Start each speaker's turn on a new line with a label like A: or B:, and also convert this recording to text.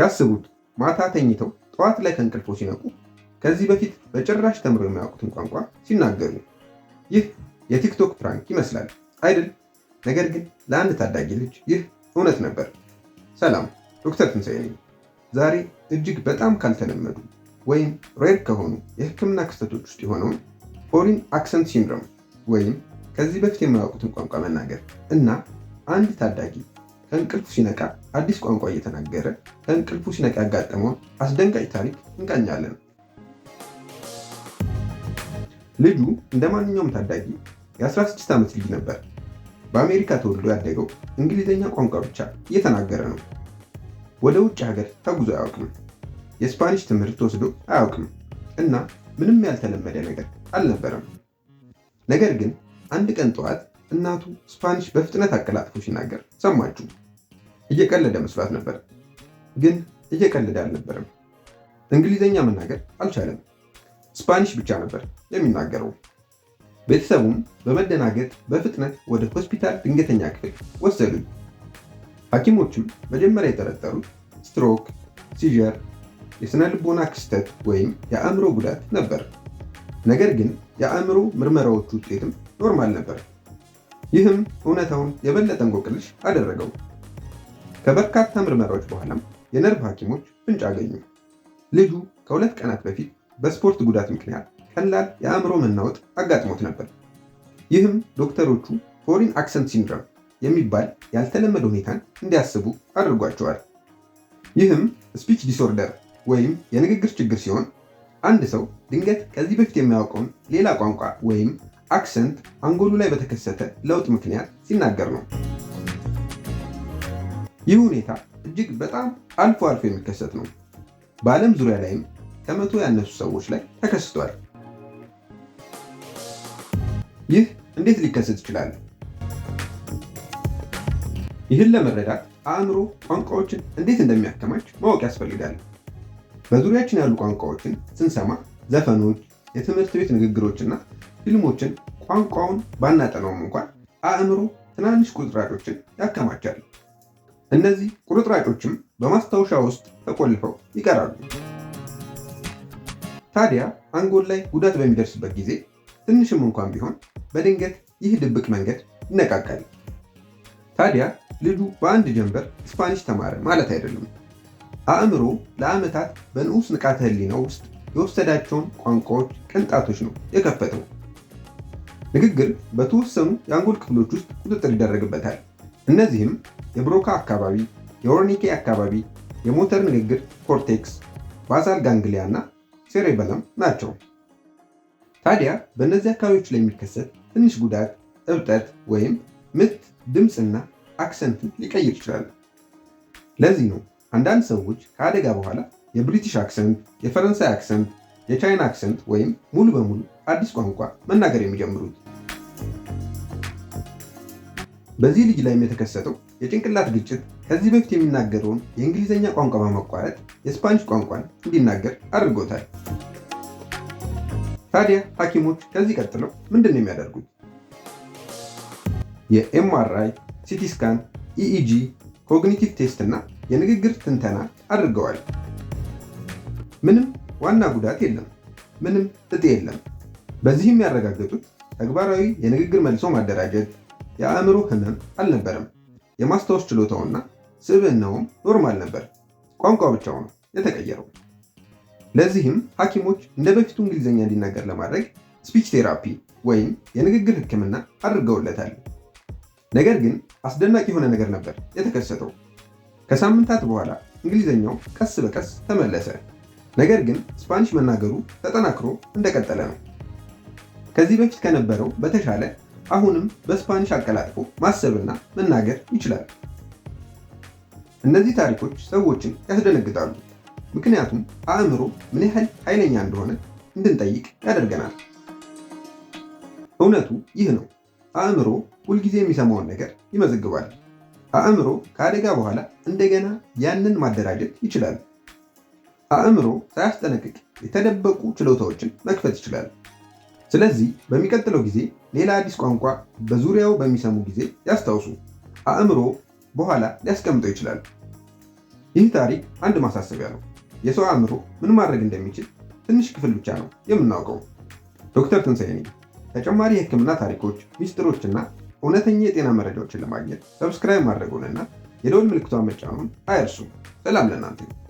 A: ያስቡት ማታ ተኝተው ጠዋት ላይ ከእንቅልፎ ሲነቁ ከዚህ በፊት በጭራሽ ተምረው የማያውቁትን ቋንቋ ሲናገሩ። ይህ የቲክቶክ ፕራንክ ይመስላል አይደል? ነገር ግን ለአንድ ታዳጊ ልጅ ይህ እውነት ነበር። ሰላም፣ ዶክተር ትንሳኤ ነኝ። ዛሬ እጅግ በጣም ካልተለመዱ ወይም ሬር ከሆኑ የሕክምና ክስተቶች ውስጥ የሆነውን ፎሪን አክሰንት ሲንድሮም ወይም ከዚህ በፊት የማያውቁትን ቋንቋ መናገር እና አንድ ታዳጊ እንቅልፍ ሲነቃ አዲስ ቋንቋ እየተናገረ እንቅልፉ ሲነቃ ያጋጠመውን አስደንጋጭ ታሪክ እንቃኛለን። ልጁ እንደ ማንኛውም ታዳጊ የ16 ዓመት ልጅ ነበር። በአሜሪካ ተወልዶ ያደገው እንግሊዝኛ ቋንቋ ብቻ እየተናገረ ነው። ወደ ውጭ ሀገር ተጉዞ አያውቅም። የስፓኒሽ ትምህርት ወስዶ አያውቅም እና ምንም ያልተለመደ ነገር አልነበረም። ነገር ግን አንድ ቀን ጠዋት እናቱ ስፓኒሽ በፍጥነት አቀላጥፎ ሲናገር ሰማችሁ። እየቀለደ መስሏት ነበር፣ ግን እየቀለደ አልነበርም። እንግሊዘኛ መናገር አልቻለም። ስፓኒሽ ብቻ ነበር የሚናገረው። ቤተሰቡም በመደናገጥ በፍጥነት ወደ ሆስፒታል ድንገተኛ ክፍል ወሰዱኝ። ሐኪሞቹም መጀመሪያ የጠረጠሩት ስትሮክ፣ ሲዠር፣ የሥነ ልቦና ክስተት ወይም የአእምሮ ጉዳት ነበር። ነገር ግን የአእምሮ ምርመራዎቹ ውጤትም ኖርማል ነበር። ይህም እውነታውን የበለጠ እንቆቅልሽ አደረገው። ከበርካታ ምርመራዎች በኋላም የነርቭ ሐኪሞች ፍንጭ አገኙ። ልጁ ከሁለት ቀናት በፊት በስፖርት ጉዳት ምክንያት ቀላል የአእምሮ መናወጥ አጋጥሞት ነበር። ይህም ዶክተሮቹ ፎሪን አክሰንት ሲንድረም የሚባል ያልተለመደ ሁኔታን እንዲያስቡ አድርጓቸዋል። ይህም ስፒች ዲስኦርደር ወይም የንግግር ችግር ሲሆን አንድ ሰው ድንገት ከዚህ በፊት የሚያውቀውን ሌላ ቋንቋ ወይም አክሰንት አንጎሉ ላይ በተከሰተ ለውጥ ምክንያት ሲናገር ነው። ይህ ሁኔታ እጅግ በጣም አልፎ አልፎ የሚከሰት ነው። በዓለም ዙሪያ ላይም ከመቶ ያነሱ ሰዎች ላይ ተከስቷል። ይህ እንዴት ሊከሰት ይችላል? ይህን ለመረዳት አእምሮ ቋንቋዎችን እንዴት እንደሚያከማች ማወቅ ያስፈልጋል። በዙሪያችን ያሉ ቋንቋዎችን ስንሰማ ዘፈኖች፣ የትምህርት ቤት ንግግሮችና ፊልሞችን ቋንቋውን ባናጠናውም እንኳን አእምሮ ትናንሽ ቁጥራጮችን ያከማቻል። እነዚህ ቁርጥራጮችም በማስታወሻ ውስጥ ተቆልፈው ይቀራሉ። ታዲያ አንጎል ላይ ጉዳት በሚደርስበት ጊዜ ትንሽም እንኳን ቢሆን በድንገት ይህ ድብቅ መንገድ ይነቃቃል። ታዲያ ልጁ በአንድ ጀንበር ስፓኒሽ ተማረ ማለት አይደለም። አእምሮ ለዓመታት በንዑስ ንቃተ ህሊናው ውስጥ የወሰዳቸውን ቋንቋዎች ቅንጣቶች ነው የከፈተው። ንግግር በተወሰኑ የአንጎል ክፍሎች ውስጥ ቁጥጥር ይደረግበታል። እነዚህም የብሮካ አካባቢ፣ የኦርኒኬ አካባቢ፣ የሞተር ንግግር ኮርቴክስ፣ ባዛል ጋንግሊያ እና ሴሬበለም ናቸው። ታዲያ በእነዚህ አካባቢዎች ላይ የሚከሰት ትንሽ ጉዳት፣ እብጠት ወይም ምት ድምፅና አክሰንትን ሊቀይር ይችላል። ለዚህ ነው አንዳንድ ሰዎች ከአደጋ በኋላ የብሪቲሽ አክሰንት፣ የፈረንሳይ አክሰንት፣ የቻይና አክሰንት ወይም ሙሉ በሙሉ አዲስ ቋንቋ መናገር የሚጀምሩት። በዚህ ልጅ ላይም የተከሰተው የጭንቅላት ግጭት ከዚህ በፊት የሚናገረውን የእንግሊዝኛ ቋንቋ በመቋረጥ የስፓኒሽ ቋንቋን እንዲናገር አድርጎታል። ታዲያ ሐኪሞች ከዚህ ቀጥለው ምንድን ነው የሚያደርጉት? የኤምአርአይ፣ ሲቲስካን፣ ኢኢጂ፣ ኮግኒቲቭ ቴስት እና የንግግር ትንተና አድርገዋል። ምንም ዋና ጉዳት የለም፣ ምንም እጢ የለም። በዚህም ያረጋገጡት ተግባራዊ የንግግር መልሶ ማደራጀት፣ የአእምሮ ህመም አልነበረም። የማስታወስ ችሎታውና ስብዕናውም ኖርማል ነበር። ቋንቋ ብቻው ነው የተቀየረው። ለዚህም ሐኪሞች እንደ በፊቱ እንግሊዝኛ እንዲናገር ለማድረግ ስፒች ቴራፒ ወይም የንግግር ሕክምና አድርገውለታል። ነገር ግን አስደናቂ የሆነ ነገር ነበር የተከሰተው። ከሳምንታት በኋላ እንግሊዝኛው ቀስ በቀስ ተመለሰ። ነገር ግን ስፓኒሽ መናገሩ ተጠናክሮ እንደቀጠለ ነው። ከዚህ በፊት ከነበረው በተሻለ አሁንም በስፓኒሽ አቀላጥፎ ማሰብና መናገር ይችላል። እነዚህ ታሪኮች ሰዎችን ያስደነግጣሉ፣ ምክንያቱም አእምሮ ምን ያህል ኃይለኛ እንደሆነ እንድንጠይቅ ያደርገናል። እውነቱ ይህ ነው። አእምሮ ሁልጊዜ የሚሰማውን ነገር ይመዘግባል። አእምሮ ከአደጋ በኋላ እንደገና ያንን ማደራጀት ይችላል። አእምሮ ሳያስጠነቅቅ የተደበቁ ችሎታዎችን መክፈት ይችላል። ስለዚህ በሚቀጥለው ጊዜ ሌላ አዲስ ቋንቋ በዙሪያው በሚሰሙ ጊዜ ያስታውሱ። አእምሮ በኋላ ሊያስቀምጠው ይችላል። ይህ ታሪክ አንድ ማሳሰቢያ ነው። የሰው አእምሮ ምን ማድረግ እንደሚችል ትንሽ ክፍል ብቻ ነው የምናውቀው። ዶክተር ትንሳኤ ነኝ። ተጨማሪ የህክምና ታሪኮች፣ ሚስጥሮችና እውነተኛ የጤና መረጃዎችን ለማግኘት ሰብስክራይብ ማድረጉንና የደወል ምልክቷን መጫኑን አይርሱ። ሰላም ለእናንተ።